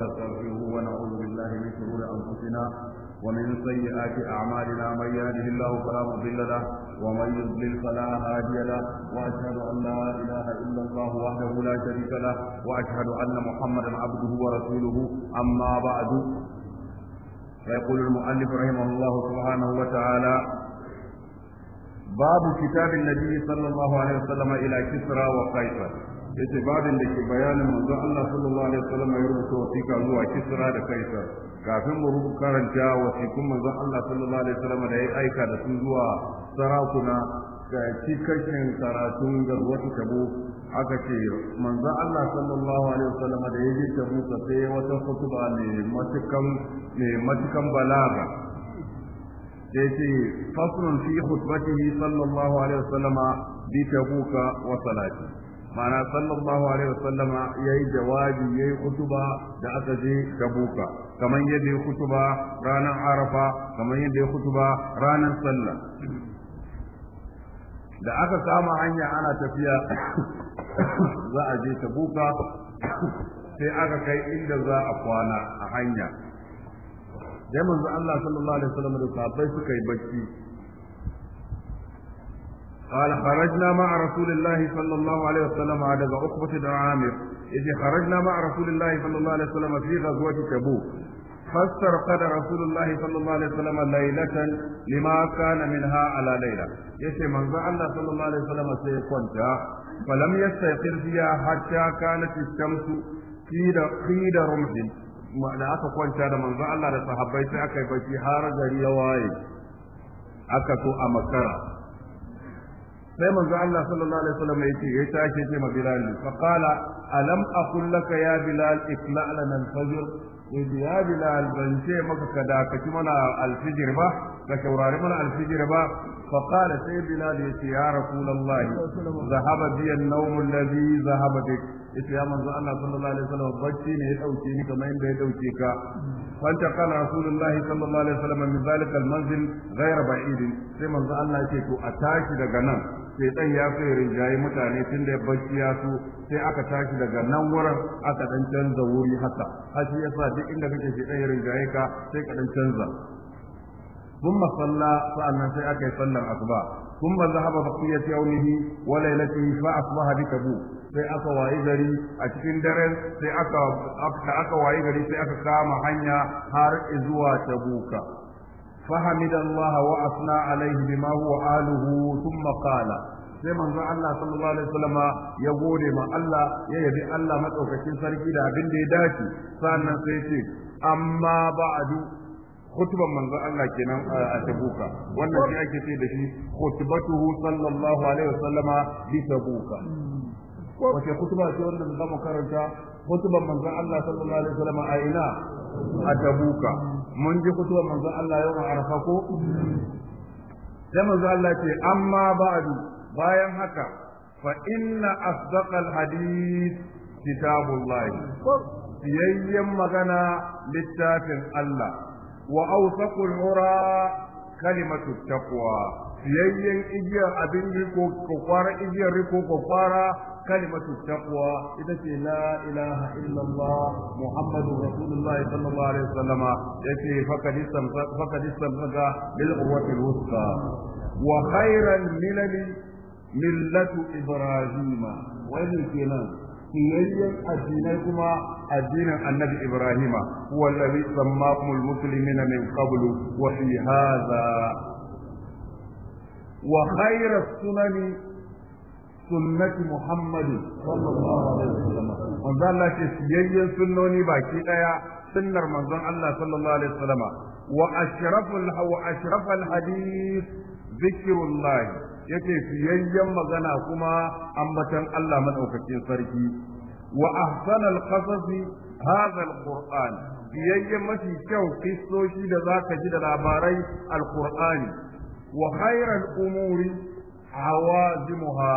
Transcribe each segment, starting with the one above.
نستغفره ونعوذ بالله من شرور انفسنا ومن سيئات اعمالنا من يهده الله فلا مضل له ومن يضلل فلا هادي له واشهد ان لا اله الا الله وحده لا شريك له واشهد ان محمدا عبده ورسوله اما بعد فيقول المؤلف رحمه الله سبحانه وتعالى باب كتاب النبي صلى الله عليه وسلم الى كسرى وقيصر yace babin da ke bayanin manzo Allah sallallahu alaihi wasallam ya rubuta wasiƙa zuwa Kisra da Kaisar kafin mu rubuta karanta wasiƙun manzo Allah sallallahu alaihi wasallam da ya aika da su zuwa sarakuna ga cikakken karatun garwatu tabo aka ce manzo Allah sallallahu alaihi wasallam da ya je tabo sai wata khutba ne matukan ne matukan balaga da fasrun fi khutbatihi sallallahu alaihi wasallama bi tabuka wa salati ma'ana sallallahu alaihi wasallama yayi jawabi yayi kutuba da aka je tabuka kamar yadda ya kutuba ranar arafa kamar yadda ya kutuba ranar sallah da aka kama hanya ana tafiya za a je tabuka sai aka kai inda za a kwana a hanya sai manzo Allah sallallahu alaihi wasallam da sahabbai suka yi bacci قال خرجنا مع رسول الله صلى الله عليه وسلم على عقبة بن عامر إذ خرجنا مع رسول الله صلى الله عليه وسلم في غزوة تبوك فاسترقد رسول الله صلى الله عليه وسلم ليلة لما كان منها على ليلة يشي من الله صلى الله عليه وسلم سيكون فلم يستيقظ فيها حتى كانت الشمس قيد رمح da aka kwanta da manzo Allah da sahabbai sai aka yi bacci har gari ya waye aka so a makara sai manzo Allah sallallahu alaihi wasallam ya ce ya tashi ce ma Bilal fa qala alam aqul laka ya Bilal ikla lana al-fajr ya Bilal ban ce maka ka dakaci mana al-fajr ba ka shaurari mana al-fajr ba fa qala sai Bilal ya ya Rasulullahi zahaba bi an-nawm alladhi zahaba bik ita ya manzo Allah sallallahu alaihi wasallam bacci ne ya dauke ni kamar inda ya dauke ka fanta kana rasulullah sallallahu alaihi wasallam min zalika almanzil ghayra ba'id sai manzo Allah yake to a tashi daga nan sai dan ya fi rinjaye mutane tun da bacci ya so sai aka tashi daga nan wurin aka dan canza wuri haka haji yasa duk inda kake shi dan rinjaye ka sai ka dan canza ثم صلى فأنا سيأكل صلى الأصبع ثم ذهب بقية يومه وليلته فأصبح بتبوك sai aka wayi gari a cikin dare sai aka aka wayi gari sai aka kama hanya har zuwa tabuka فحمد الله واثنى عليه بما هو اله ثم قال sai manzon Allah sallallahu alaihi wasallam ya gode ma Allah ya yabi Allah madaukakin sarki da abin da ya dace sannan sai ce amma duk. khutban manzon Allah kenan a Tabuka wannan shi ake ce da shi khutbatuhu sallallahu alaihi wace kutuba ce wanda za mu karanta kutuban manzon Allah sallallahu alaihi wasallam a ina a Tabuka mun ji kutuban manzon Allah yau a Arafa ko sai manzon Allah ce amma ba'du bayan haka fa inna asdaqal hadith kitabullah siyayyen magana littafin Allah wa awsaqul ura kalimatu taqwa siyayyen igiyar abin riko ko kwara igiyar riko ko kwara كلمة التقوى إذا لا إله إلا الله محمد رسول الله صلى الله عليه وسلم يتي فقد فقد استمسك بالقوة الوثقى وخير الملل ملة إبراهيم وإن كنا siyayyen addinai kuma addinin annabi ibrahima huwa allazi sammakum almuslimina min qablu wa fi hadha wa khayra sunani sunnati Muhammadu sallallahu Allah ce siyayyen sunnoni baki daya sunnar manzon Allah sallallahu alaihi wasallam wa ashraful wa ashrafal hadith zikrullah yace siyayyen magana kuma ambatan Allah madaukakin sarki wa ahsanal qasas hadha alquran siyayyen mafi kyau kistoshi da zaka ji da labarai alqur'ani wa khairal umuri hawazimuha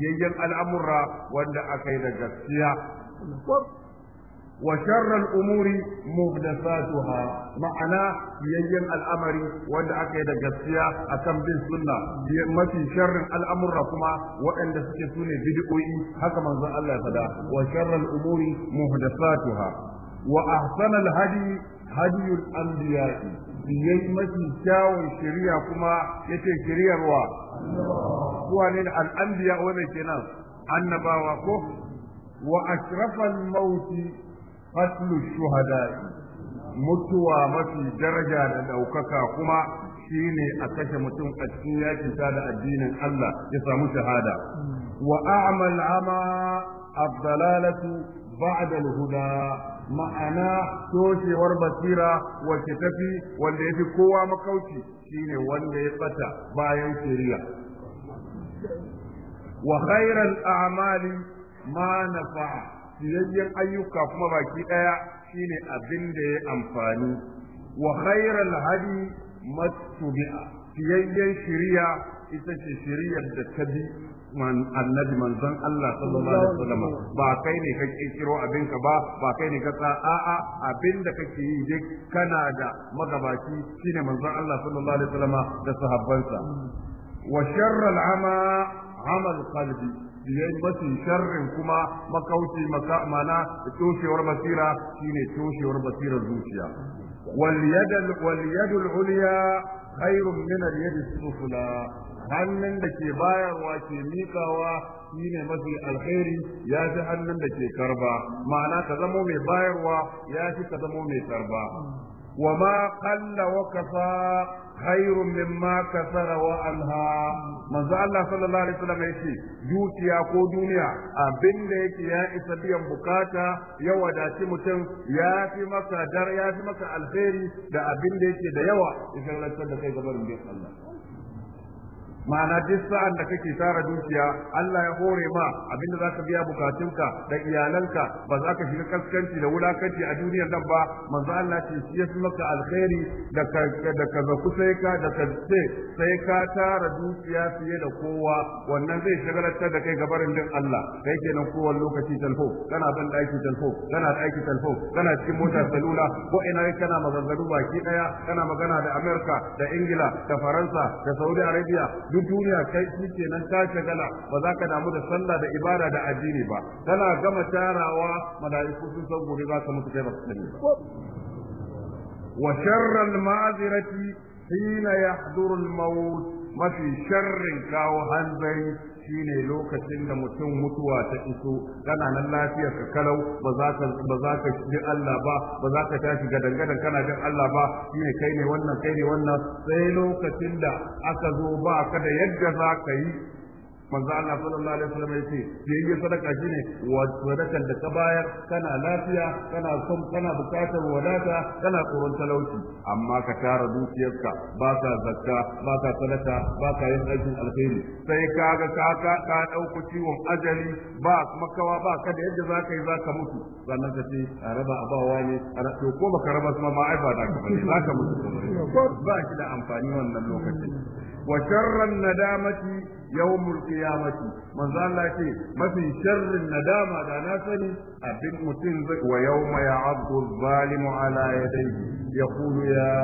yayyan al'amurra wanda aka yi da gaskiya wa sharral umuri muhdathatuha ma'ana yayyan al'amari wanda aka yi da gaskiya akan bin sunna mafi sharrin al'amurra kuma waɗanda suke sune bid'o'i haka manzon Allah ya fada wa sharral umuri muhdathatuha wa ahsanal hadi hadiyul anbiya'i yayi mafi kyawun shari'a kuma yace shari'arwa kuwa ne al-anbiya wanda kenan annabawa ko wa ashrafan mauti qatlu Shuhada, mutuwa mafi daraja da ɗaukaka kuma shi ne a kashe mutum a cikin yakin da addinin Allah ya samu shahada wa a'mal ama abdalalatu بعد الهدى ma'ana toshewar basira wacce tafi wanda ya fi kowa makauci shine wanda ya bata bayan shirya. wa khairal a'mali ma nafa'a siyayyen ayyuka kuma baki daya shine abin da ya amfani wa khairal hadi ciyayyen shirya. ita ce shiriyar da ta bi man annabi manzon Allah sallallahu alaihi wasallam ba kai ne ka kirkiro abin ka ba ba kai ne ka sa a'a abin da kake yi dai kana da magabaci shine manzon Allah sallallahu alaihi wasallam da sahabbansa wa sharral ama amal qalbi yayin mafi sharrin kuma makauci mana toshewar basira shine toshewar basirar zuciya wal yad wal yad al ulya khairun min al hannun da ke bayarwa ke mikawa shine mafi alheri ya fi hannun da ke karba ma'ana ka zamo mai bayarwa ya fi ka zamo mai karba wa ma kalla wa kafa khairun mimma kasara wa anha manzo Allah sallallahu alaihi wasallam yace dukiya ko duniya abin da yake ya isa biyan bukata ya wadaci mutum ya fi maka dar ya fi maka alheri da abin da yake da yawa ya da kai gabarin bin Allah ma'ana duk sa'an da kake tara dukiya Allah ya hore ma abinda zaka biya bukatunka da iyalanka ba za ka shiga kaskanci da wulakanci a duniyar nan ba manzo Allah ce shi ya maka alkhairi da ka da ka zaku sai ka da ka sai ka tara dukiya fiye da kowa wannan zai shagalatar da kai gabarin din Allah kai kenan kowanne lokaci talfo kana ban daki talfo kana daki talfo kana cikin motar salula ko ina kana maganganu baki daya kana magana da Amerika da Ingila da Faransa da Saudi Arabia duk duniya kai shi nan ta shagala ba za ka damu da sallah da ibada da addini ba tana gama tarawa mala'iku sun san gobe za ka mutu kai ba su sani ba wa sharral ma'azirati hina yahduru al-maut mafi sharrin kawo hanzari shine lokacin da mutum mutuwa ta iso kana nan lafiya ka kalau ba za ka ba za ka ji Allah ba ba za ka tashi gadangadan kana jin Allah ba ne, kai ne wannan kai ne wannan sai lokacin da aka zo ba ka da yadda za ka yi manzo Allah sallallahu alaihi wasallam yace yayin sadaka shine wa da ka bayar kana lafiya kana son kana bukatar wadata kana tsoron talauci amma ka tara dukiyarka ba ka zakka ba ka sadaka ba ka yin aikin alheri sai kaga ka ka ka dauku ciwon ajali ba makawa ba ka da yadda zaka yi zaka mutu sannan ka ce a raba abawa ne a to ko baka raba ma ai ba da ka bane zaka mutu ba shi da amfani wannan lokacin wa sharran nadamati yawmul qiyamati manzo Allah ce mafi sharrin nadama da na sani abin mutum zai wa yawma ya'abdu zalimu ala yadayhi yaqulu ya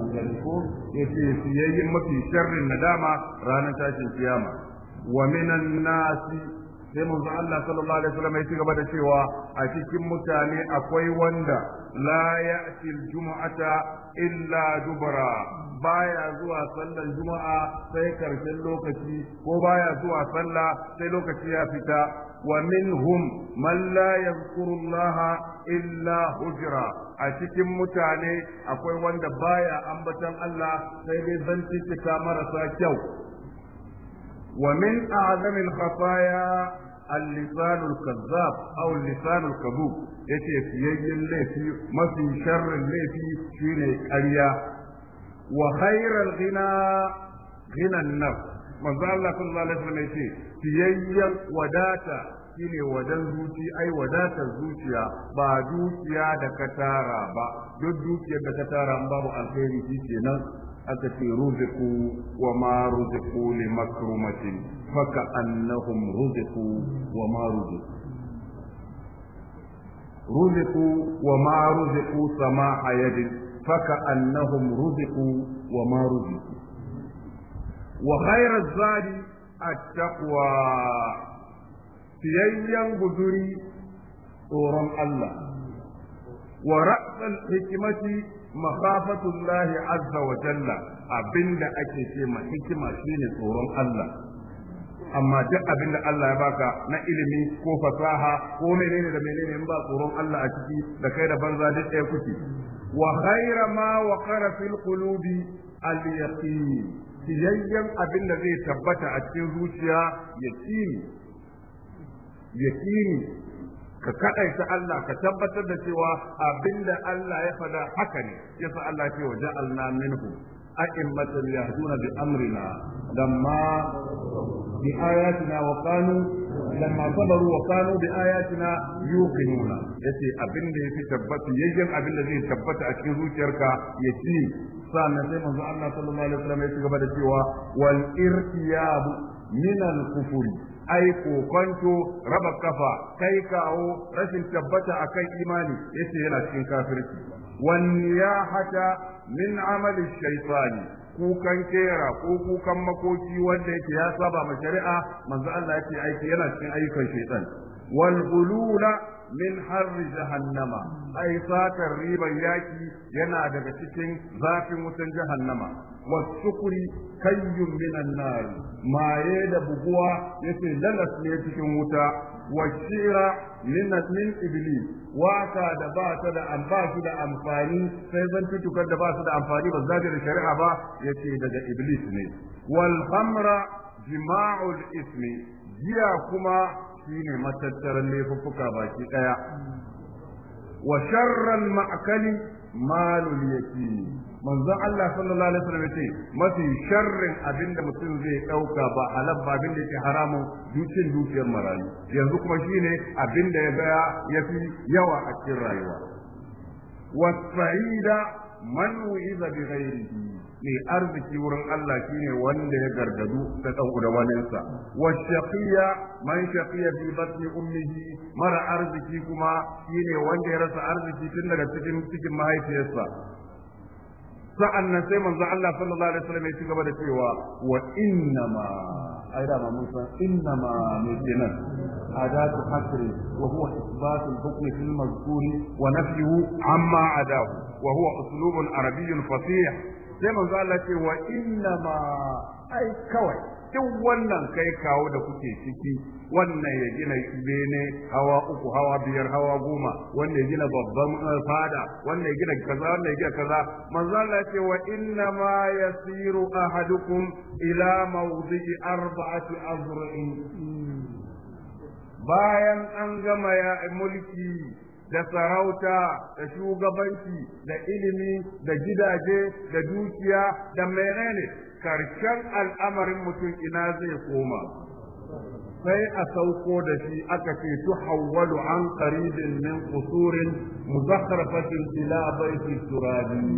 mulku yace yayin mafi sharrin nadama ranar tashin kiyama wa minan nasi sai manzo Allah sallallahu alaihi wasallam ya cigaba gaba da cewa a cikin mutane akwai wanda la ya'ti al-jum'ata illa dubara baya zuwa sallar juma'a sai karshen lokaci ko baya zuwa sallah sai lokaci ya fita wa minhum man la illa hujra a cikin mutane akwai wanda baya ambatan Allah sai dai zantitika marasa kyau wa min a'zamil khafaya اللسان الكذاب او اللسان الكذوب yace fiyayyen laifi mafi sharrin laifi shine ƙarya wa khairal ghina ghinan naf manzo Allah sallallahu alaihi wasallam yace tiyayyan wadata shine wadan zuci ai wadatar zuciya ba dukiya da katara ba duk dukiyar da katara babu alheri kenan aka ce ruziku wa ma ruziku li makrumatin faka annahum ruziku wa ma ruziku ruziku wa ma ruziku sama yadin. فكأنهم رزقوا وما رزقوا وخير الزاد التقوى سيئا بدري tsoron Allah wa ra'sal hikimati makhafatullahi azza wa jalla abinda ake ce ma shine tsoron Allah amma duk abinda Allah ya baka na ilimi ko fasaha ko menene da menene in ba tsoron Allah a ciki da kai da banza duk ɗaya kuke وخير ما وقر في القلوب اليقين siyayyen abin da zai tabbata a cikin zuciya yaqini yaqini ka kadaita Allah ka tabbatar da cewa abinda Allah ya fada haka ne yasa Allah ce wa ja'alna minhum a'immatan yahduna bi amrina lamma bi ayatina wa kanu lamma sabaru wa kanu bi ayatina yuqinuna yace abin da yafi tabbata yayyan abin da zai tabbata a cikin zuciyarka yace sannan sai manzo Allah sallallahu alaihi wasallam ya ci gaba da cewa wal irtiyab min al kufuri aiko, kokonto raba kafa kai rashin tabbata a kan imani yace yana cikin kafirci wan niyahata min amali shaytani kukan kera ko kukan makoki wanda yake ya saba ma shari'a manzo Allah yake aiki yana cikin ayyukan shaytan wal ghulula min harri jahannama ai fatar riban yaki yana daga cikin zafin wutan jahannama wasukuri kayyun minan nar maye da buguwa yace lalas ne cikin wuta washira min min iblis waka da ba ta da da amfani sai zan tutukar da ba su da amfani ba zaje da shari'a ba yace daga iblis ne wal khamra jima'ul ismi jiya kuma shine matattaran laifuffuka baki ɗaya wa sharral ma'kali malul yatim manzon Allah sallallahu alaihi wasallam yace mafi sharrin abinda mutum zai dauka ba halal ba abinda yake haramu dukin dukiyar marayu yanzu kuma shine abinda ya ga yafi yawa a cikin rayuwa wasa'ida man wu'iza bi ghairihi mai arziki wurin Allah shine wanda ya gargadu da dan udawaninsa wa shaqiya man shaqiya fi batni ummihi mara arziki kuma shine wanda ya rasa arziki tun daga cikin cikin mahaifiyarsa sa'an nan sai manzo Allah sallallahu alaihi wasallam ya ci gaba da cewa wa innama ai da mun san innama ne kenan adatu hasri wa huwa isbat al-hukm fi mazkur wa nafyuhu amma adahu wa huwa uslubun arabiyyun fasih sai manzo Allah ce wa inna ma ai kawai duk wannan kai kawo da kuke ciki wannan ya gina bene hawa uku hawa biyar hawa goma wanda ya gina babban eh, fada wanda ya gina kaza wanda ya gina kaza manzo Allah ce wa inna ma yasiru ahadukum ila mawdi'i arba'ati azra'in bayan an gama ya mulki da sarauta da shugabanci da ilimi da gidaje da dukiya da menene karshen al'amarin mutum ina zai koma sai a sauko da shi aka ce tu hawwalu an qaribin min qusurin muzakhrafatin ila baiti turabi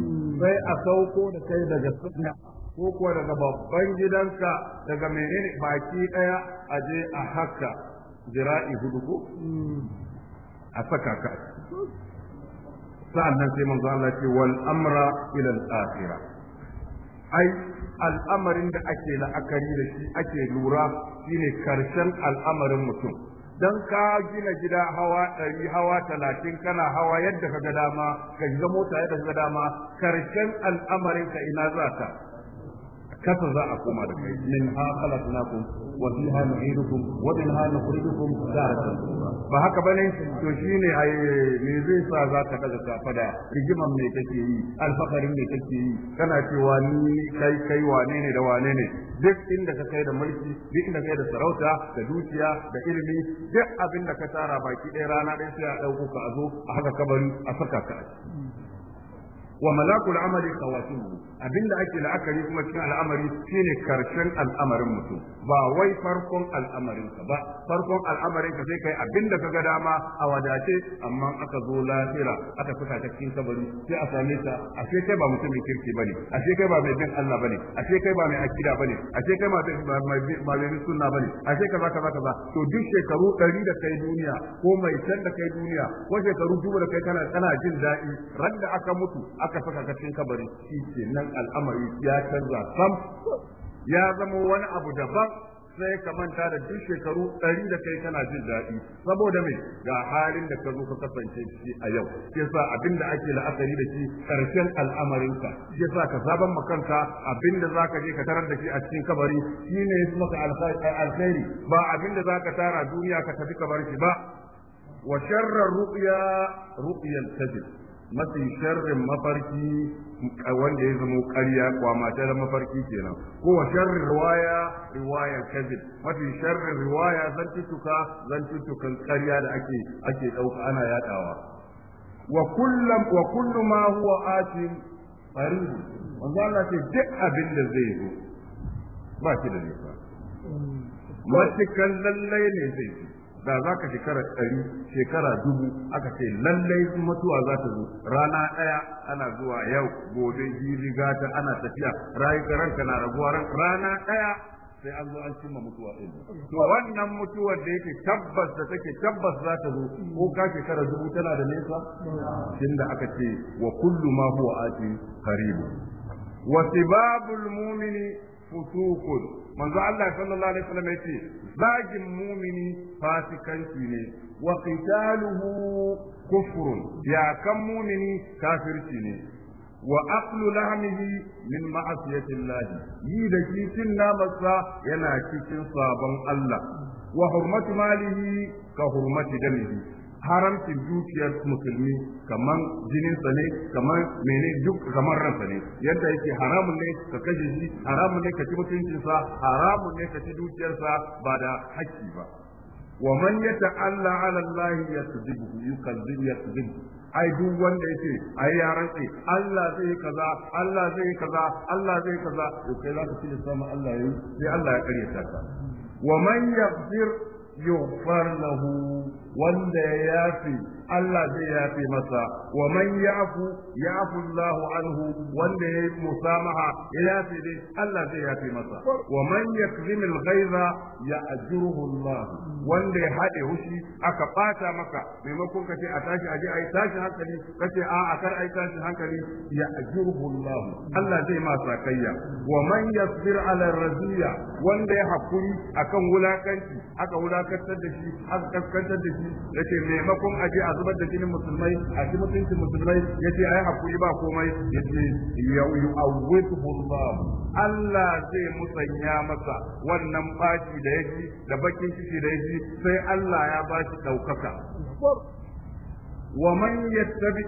sai a sauko da kai daga sunna ko kuwa daga babban gidanka daga menene baki daya aje a haka jira'i hudu ko a saka ka sa'an nan sai manzo Allah ce wal amra ila al ai al'amarin da ake la'akari da shi ake lura shine karshen al'amarin mutum Don ka gina gida hawa ɗari hawa talatin kana hawa yadda ka ga dama ka shiga mota yadda ka ga dama karshen al'amarin ka ina za ka kasa za a koma da kai min hana khalaqnakum wa fiha nu'idukum wa minha nukhrijukum daratan ba haka bane to shine ne me zai sa za ka daga kafada rigiman me kake yi alfakarin me kake yi kana cewa ni kai kai wane ne da wane duk inda ka kai da mulki duk inda kai da sarauta da dukiya da ilimi duk abinda ka tara baki ɗaya rana ɗaya sai a ɗauko ka a zo a haka kabari a saka ka wa malakul amali khawatimu abinda ake la'akari kuma cikin al'amari shine karshen al'amarin mutum ba wai farkon al'amarin ka ba farkon al'amarin ka sai kai abinda kaga dama a wadace amma aka zo lafira aka saka ta cikin kabari sai a same ta ashe kai ba mutumin kirki bane ashe kai ba mai bin Allah bane ashe kai ba mai akida bane ashe kai ba mai bin sunna bane ashe kaza kaza kaza to duk shekaru 100 da kai duniya ko mai can da kai duniya ko shekaru dubu da kai kana kana jin daɗi ran da aka mutu aka aka saka ka cikin kabari shi ke nan al'amari ya canza sam ya zama wani abu daban sai ka manta da duk shekaru ɗari da kai kana jin daɗi saboda mai ga halin da ka zo ka kasance shi a yau yasa abin da ake la'akari da shi ƙarshen al'amarinka yasa ka zaban makanta abin da zaka je ka tarar da shi a cikin kabari shine fi maka alkhairi ba abin da zaka tara duniya ka tafi bar shi ba wa sharrar ru'ya ru'yal tajid mafi sharrin mafarki wanda ya zama ƙarya kwamatar mafarki kenan ko wa sharrin riwaya riwaya kazib mafi sharrin riwaya zan zan zantuttukan ƙarya da ake ake ɗauka ana yaɗawa. wa kullum wa kullu ma huwa atin qarib manzo Allah ce duk abin da zai zo ba shi da nisa mm. kan lallai ne zai zo da za ka shekara ɗari shekara dubu aka ce lallai mutuwa za ta zo rana ɗaya ana zuwa yau gobe jibi gata ana tafiya rayuka ranka na raguwa rana ɗaya sai an zo an cimma mutuwa ɗin to wannan mutuwar da yake tabbas da take tabbas za ta zo ko ka shekara dubu tana da nesa da aka ce wa kullu ma huwa ati qarib wa sibabul mu'mini manzo Allah sallallahu alaihi wasallam yace zagin mumini fasikanci ne wa qitaluhu kufrun ya kan mumini kafirci ne wa aqlu lahmihi min ma'asiyati Allah yi da cikin namarsa yana cikin sabon Allah wa hurmatu malihi ka hurmati damihi haramcin dukiyar musulmi kamar jinin ne kamar mene duk kamar ransa ne yadda yake haramun ne ka kashe shi haramun ne ka ci mutuncinsa haramun ne ka ci dukiyarsa ba da haƙƙi ba wa man yata'alla 'ala Allah yasdibu yukadzib yasdibu ai duk wanda yake ai ya rantsi Allah zai yi kaza Allah zai yi kaza Allah zai yi kaza to kai za ka da ma Allah yayi sai Allah ya karyata ka wa man yaghfir yughfar lahu wanda ya yafi Allah zai yafi masa wa man yafu yafu Allah anhu wanda ya musamaha ya yafi dai Allah zai yafi masa wa man yakzim al-ghaiza ya ajruhu Allah wanda ya hade hushi aka bata maka maimakon ka ce a tashi aje ai tashi hankali kace a a kar ai tashi hankali ya Allah Allah zai ma sakayya wa man yasbir ala raziya wanda ya hakuri akan wulakanci aka wulakantar da shi aka kaskantar da shi yace maimakon je a zubar da jinin musulmai a ji mutuncin musulmai yace ai hakuri ba komai yace yu'awwidhu Allah Allah zai musanya masa wannan baki da yake da bakin ciki da yake sai Allah ya ba shi daukaka wa man yattabi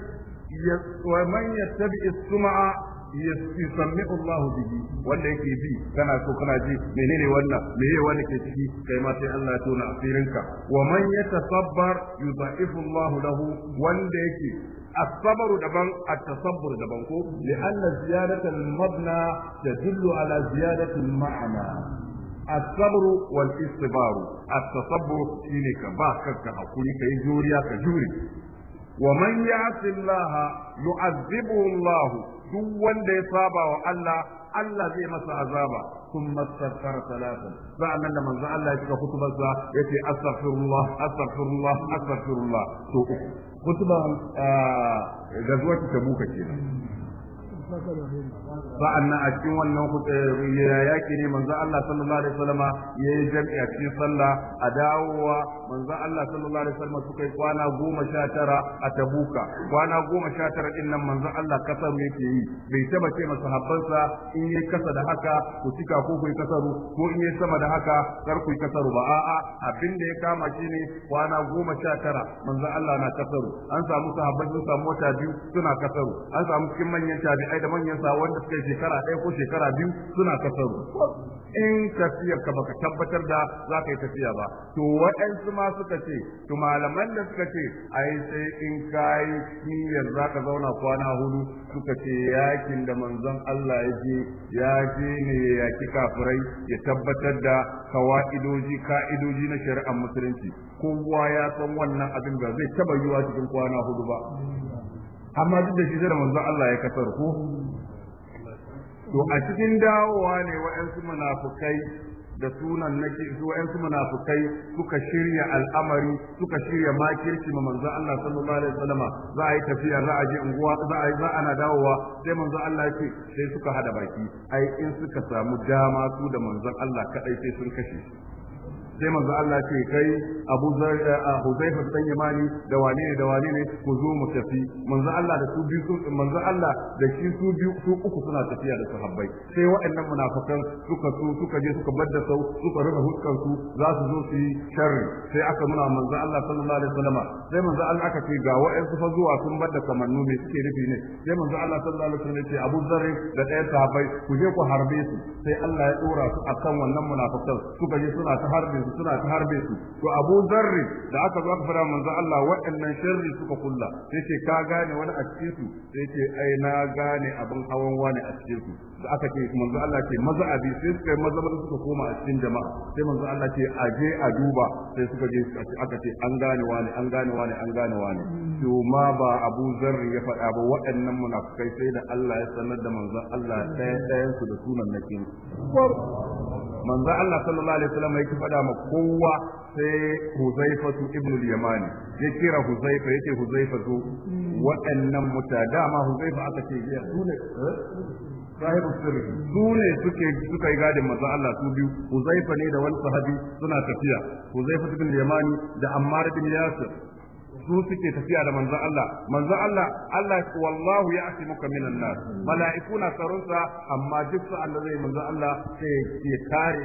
wa man yattabi as-sum'a yasmi'u Allah bihi wanda yake bi kana so kana ji menene wannan meye wani ke ciki kai ma sai Allah ya tona asirinka wa man yatasabbar yudha'ifu Allah lahu wanda yake الصبر دبن التصبر دبن كو لأن زيادة المبنى تدل على زيادة المعنى الصبر والاستبار التصبر شيني كباك كحقوني كي كجوري ومن يعص الله يعذبه الله duk wanda ya saba wa Allah Allah zai masa azaba sun thumma za a nan da manzo Allah ya shiga hutubar sa yace astaghfirullah astaghfirullah astaghfirullah to hutubar ah, gazuwar ta buka kenan sa'annan a cikin wannan ya yaki ne manzo Allah sallallahu alaihi yi yayi jami'a cikin sallah a dawowa manzo Allah sallallahu alaihi wasallam suka yi kwana goma sha tara a Tabuka kwana goma sha tara din nan manzo Allah kasar yake yi bai taba ce sahabbansa in yi kasa da haka ku cika ko ku yi kasaru ko in yi sama da haka kar ku yi kasaru ba a'a abin da ya kama shi ne kwana goma sha tara manzo Allah na kasaru an samu sahabbai sun samu wata biyu suna kasaru an samu cikin manyan tabi'ai kai da manyan sa wanda suka shekara ɗaya ko shekara biyu suna kasaru in tafiyar ka baka tabbatar da za ka yi tafiya ba to waɗansu ma suka ce to malaman da suka ce ai sai in ka yi niyyar za ka zauna kwana hudu suka ce yakin da manzon Allah ya je ya je ne ya yaki kafirai ya tabbatar da kawaidoji ka'idoji na shari'ar musulunci kowa ya san wannan abin ba zai taba yiwa cikin kwana hudu ba amma duk da shi da manzon Allah ya kasar ko to a cikin dawowa ne wa'ansu munafukai da sunan nake su wa'ansu munafukai suka shirya al'amari suka shirya makirci ma manzon Allah sallallahu alaihi wasallam za a yi tafiya za a je unguwa za a za ana dawowa sai manzon Allah ce sai suka hada baki ai in suka samu dama su da manzon Allah kadai sai sun kashe sai manzo Allah ce kai Abu Zar eh, eh, Huzaifa dan Yamani da wane ne da wane ne ku zo mu tafi manzo Allah da su biyu su manzo Allah da shi su biyu su uku suna tafiya da sahabbai sai waɗannan munafikan suka su suka je suka bar da sau suka rufe huskan su za su zo su yi sharri sai aka nuna manzo Allah sallallahu alaihi wasallam sai manzo Allah aka ce ga waɗansu fa zuwa sun bar da kamannu me suke rufi ne sai manzo Allah sallallahu alaihi wasallam ya ce Abu Zar da ɗaya sahabbai ku je ku harbe su sai Allah ya dora su akan wannan munafikan suka je suna ta harbe su suna ta harbe su to Abu Zarri da aka zo aka fara manzo Allah waɗannan sharri suka kulla yace ka gane wani a cikin su yace ai na gane abin hawan wani a cikin su da aka ce manzo Allah ce maza abi sai suka yi maza maza suka koma a cikin jama'a sai manzo Allah ce a je a duba sai suka je aka ce an gane wani an gane wani an gane wani to ma ba Abu Zar ya faɗa ba waɗannan munafikai sai da Allah ya sanar da manzo Allah ɗaya ɗayan su da sunan nakin manzo Allah sallallahu alaihi wasallam yake faɗa ma kowa sai Huzaifa ibn al-Yamani ya kira Huzaifa yake Huzaifa zo waɗannan mutane ma Huzaifa aka ce ya sune eh? sahibu sirri su ne suke suka yi gadin manzon Allah su biyu Huzaifa ne da wani sahabi suna tafiya Huzaifa bin Yamani da Ammar bin Yasir su suke tafiya da manzon Allah manzon Allah Allah wallahu ya'timuka minan nas mala'iku na tsaron amma duk sa'an da zai manzon Allah sai ya kare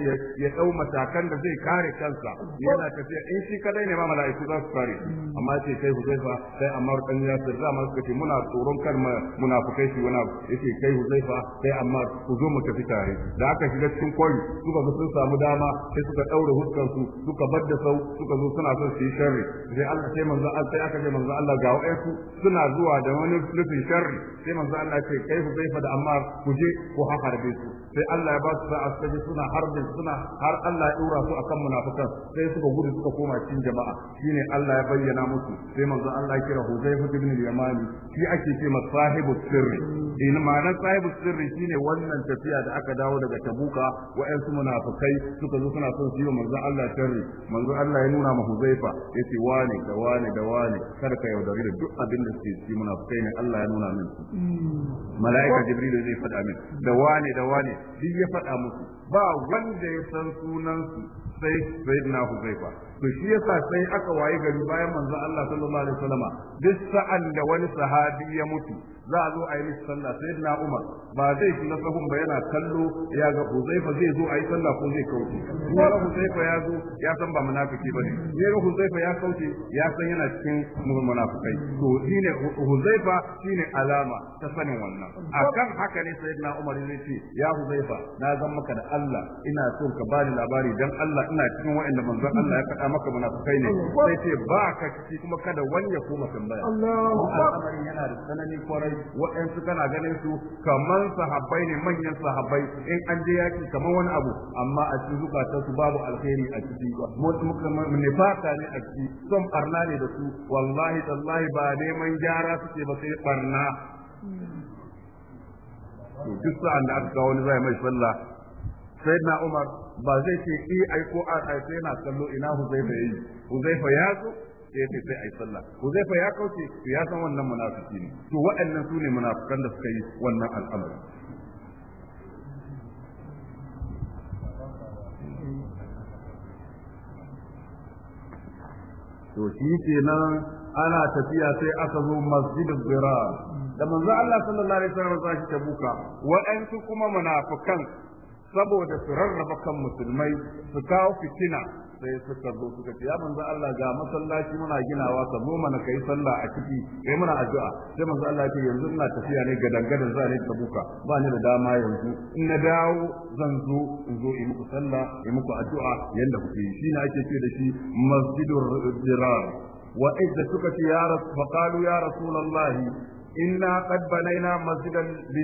ya dau matakan da zai kare kansa yana tafiya in shi kadai ne ma mala'iku za su kare amma sai kai Huzaifa sai Ammar dan Yasir da ma suka ce muna tsoron kan munafikai shi wani abu, yake kai Huzaifa sai Ammar ku zo mu tafi tare da aka shiga cikin koyi suka ga sun samu dama sai suka daure huskan su suka bar da sau suka zo suna son su yi sharri sai Allah sai manzon sai aka ce manzo Allah ga wa'aiku suna zuwa da wani nufin sharri sai manzo Allah ce kai ku zai da amma ku je ku haharbe su sai Allah ya ba su sa'a suka suna harbin suna har Allah ya dora su akan munafikan sai suka gudu suka koma cikin jama'a shine Allah ya bayyana musu sai manzo Allah ya kira Hudayfa ibn al-Yamani shi ake ce sahibu sirri in eh, ma'anar sahibu sirri shine wannan tafiya da aka dawo daga Tabuka wa'ansu munafikai suka zo suna son su yi manzo Allah sirri manzo Allah ya nuna ma Hudayfa yace wane da wane da wane kada ka yaudare da duk abin da suke ci munafikai ne Allah ya nuna min hmm. mala'ika Jibril zai faɗa min da wane da wane duk ya faɗa musu ba wanda ya san sunansu sai sai zai Huzaifa to shi yasa sai aka waye gari bayan manzon Allah sallallahu alaihi wasallama duk sa'an da wani sahabi ya mutu za a zo a yi masa sallah sayyidina Umar ba zai shiga sahun ba yana kallo ya ga Huzaifa zai zo a yi sallah ko zai kauce ne Huzaifa ya zo ya san ba munafiki bane ne ga Huzaifa ya kauce ya san yana cikin munafikai to shine Huzaifa shine alama ta sanin wannan akan haka ne sayyidina Umar ya ce ya Huzaifa na zan maka da Allah ina so ka bani labari dan Allah ina cikin wa'anda manzon Allah ya faɗa maka munafikai ne sai ce ba ka ciki kuma kada wani ya koma tambaya Allahu akbar yana da sanani kwarai waɗansu kana ganin su Kamar sahabbai ne manyan sahabbai in an je yaki kamar wani abu amma a cikin su babu alheri a ciki nifaka ne ba a ciki son barna ne da su wallahi tallahi ba neman gyara suke ba sai barna to duk sa'an da aka kawo wani zai mai sallah sayyidina Umar ba zai ce i ai ko a sai sai na kallo ina huzaifa yayi huzaifa ya zo sai sai sai ai sallah huzaifa ya kauce ya san wannan munafiki ne to waɗannan su ne munafikan da suka yi wannan al'amari to shi kenan ana tafiya sai aka zo masjidin zira da manzo Allah sallallahu alaihi wasallam zai tabuka waɗansu kuma munafikan saboda su rarraba kan musulmai su kawo fitina sai suka zo suka ce ya manzo Allah ga masallaci muna ginawa ka zo mana kai sallah a ciki kai muna addu'a sai manzo Allah ya ce yanzu ina tafiya ne gadan gadan za ne ta buka ba ni da dama yanzu in na dawo zan zo in zo yi muku sallah yi muku addu'a yanda kuke yi shine ake ce da shi masjidur dirar wa idda suka ce ya rasu fa qalu ya rasulullahi inna qad banayna masjidan li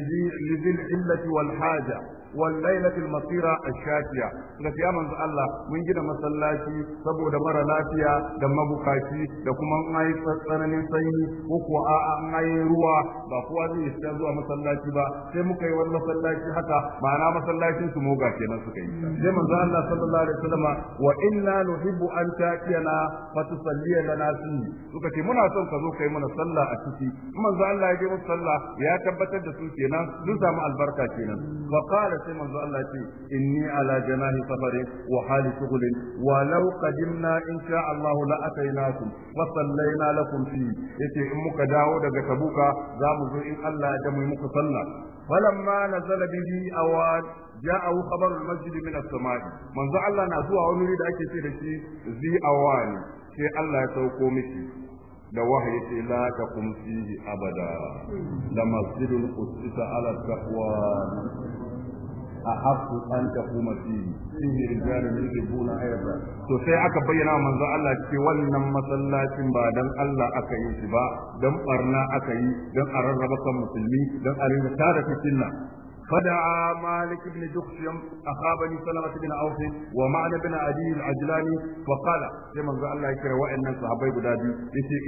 dhil illati wal haja wal lailati al masira al shatiya da ya manzo allah mun gina masallaci saboda mara lafiya da mabukaci da kuma an ai tsananin sanyi ko ko a an ai ruwa ba kowa zai isa zuwa masallaci ba sai muka yi wannan masallaci haka ma'ana na masallaci su moga kenan suka yi sai manzo allah sallallahu alaihi wasallam wa inna nuhibbu an taqiyana fa tusalli lana sunni suka ce muna son ka zo kai mana sallah a ciki manzo allah ya yi sallah ya tabbatar da su kenan duk samu albarka kenan wa qala sai manzo Allah ce inni ala janahi safari wa hali shughlin wa law qadimna in sha Allah la ataynakum wa sallayna lakum fi yace in muka dawo daga tabuka za mu zo in Allah ya mu muku sallah falamma nazala bihi awad ja'ahu khabar al-masjid min as-sama'i manzo Allah na zuwa wani wuri da ake ce da shi zi awani sai Allah ya sauko miki da wahayi ce la ta kum abada da masjidul qudsi ala taqwa أحق أن تقوم فيه da رجال يحبون na to sai aka bayyana wa manzo Allah ce wannan masallacin ba dan Allah aka yi shi ba dan barna aka yi dan a rarraba kan musulmi dan a rinka tara fitina فدعا مالك بن دخشم أخا بني سلمة بن عوف ومعنى بن عدي العجلاني فقال كما قال الله يكره وإن صحابي بدادي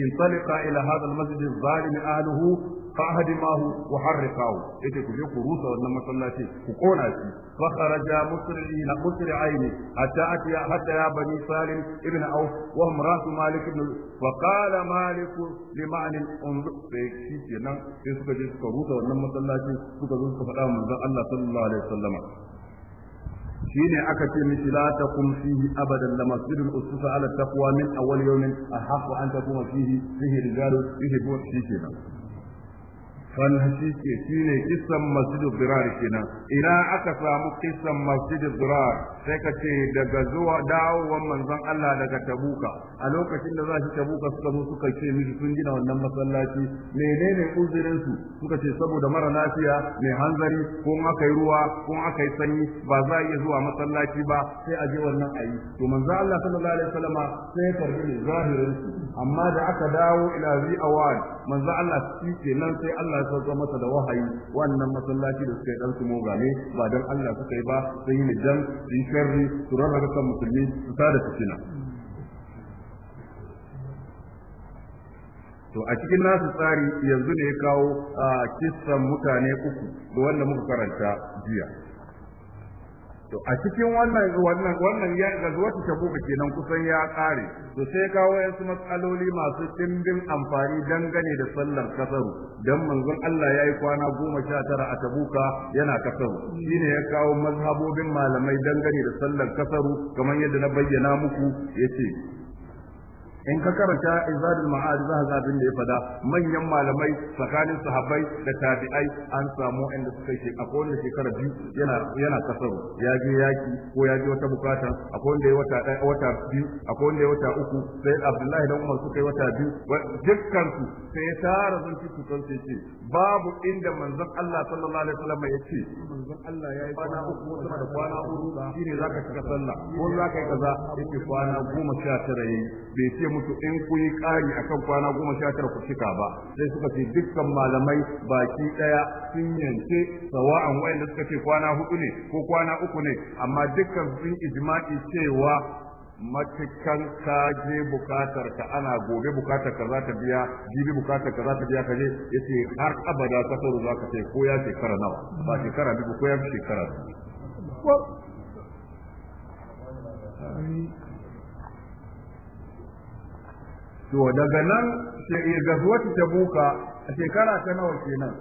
انطلق إلى هذا المسجد الظالم أهله فأهدماه وحرقاه يتي كل كروسا وإنما صلاتي فقونا فخرج مسرعين مسرعين حتى أتي حتى يا بني سالم ابن عوف وهم رأس مالك بن فقال مالك لمعنى انظر في كيسي نعم يسكت يسكت كروسا وإنما صلاتي سكت يسكت manzon Allah sallallahu alaihi wasallam shine aka ce mishi la taqum fihi abadan la masjidun ussisa ala taqwa min awwal yawmin ahqqu an taquma fihi fihi rijalun yuhibbun shi kenan fanhaci ke shi ne kisan masjidul dirar kenan ina aka samu kisan masjidul dirar sai ka ce daga zuwa dawowar manzon Allah daga tabuka a lokacin da za shi tabuka suka zo suka ce miki sun gina wannan masallaci menene uzurin su suka ce saboda mara lafiya mai hanzari ko aka yi ruwa ko aka yi sanyi ba za a iya zuwa masallaci ba sai a je wannan ayi to manzon Allah sallallahu alaihi wasallama sai ya karbi zahirin su amma da aka dawo ila zi awad manzon Allah shi nan sai Allah ya sauka masa da wahayi wannan masallaci da suka yi dan su ba dan Allah suka yi ba sun yi dan su yi sharri su rarraba kan musulmi su sada fitina to a cikin nasu tsari yanzu ne ya kawo a kissan mutane uku da wanda muka karanta jiya to a cikin wannan wannan wannan ya gazwatu kenan kusan ya kare to sai kawo wasu matsaloli masu ɗimbin amfani dangane da sallar kasaru dan manzon Allah yayi kwana goma sha tara a tabuka yana kasaru shine ya kawo mazhabobin malamai dangane da sallar kasaru kamar yadda na bayyana muku yace in ka karanta izadul ma'ad za ka abin da ya fada manyan malamai tsakanin sahabbai da tabi'ai an samu inda suka ce akwai wanda shekara biyu yana yana kasar ya je yaki ko ya je wata bukata akwai wanda ya wata ɗaya wata biyu akwai wanda ya wata uku sai Abdullahi dan Umar suka yi wata biyu dukkan su sai ya tara ci su kan sai ce babu inda manzon Allah sallallahu alaihi wasallam ya ce manzon Allah ya yi kwana uku sama da kwana uku shine zaka shiga sallah ko zaka yi kaza yake kwana goma sha tara yayi bai ce mutu in ku yi ƙari kan kwana goma sha tara ku cika ba sai suka ce dukkan malamai baki ɗaya sun yance sawa'an wa'anda suka ce kwana hudu ne ko kwana uku ne amma dukkan sun ijma'i cewa matukan ka je bukatar ka ana gobe bukatar ka za ta biya jibi bukatar ka za ta biya ka je yace har abada kasaru za ka ce ko ya shekara nawa ba shekara biyu ko ya shekara biyu to daga nan gazuwatu ta buka a shekara ta nawa kenan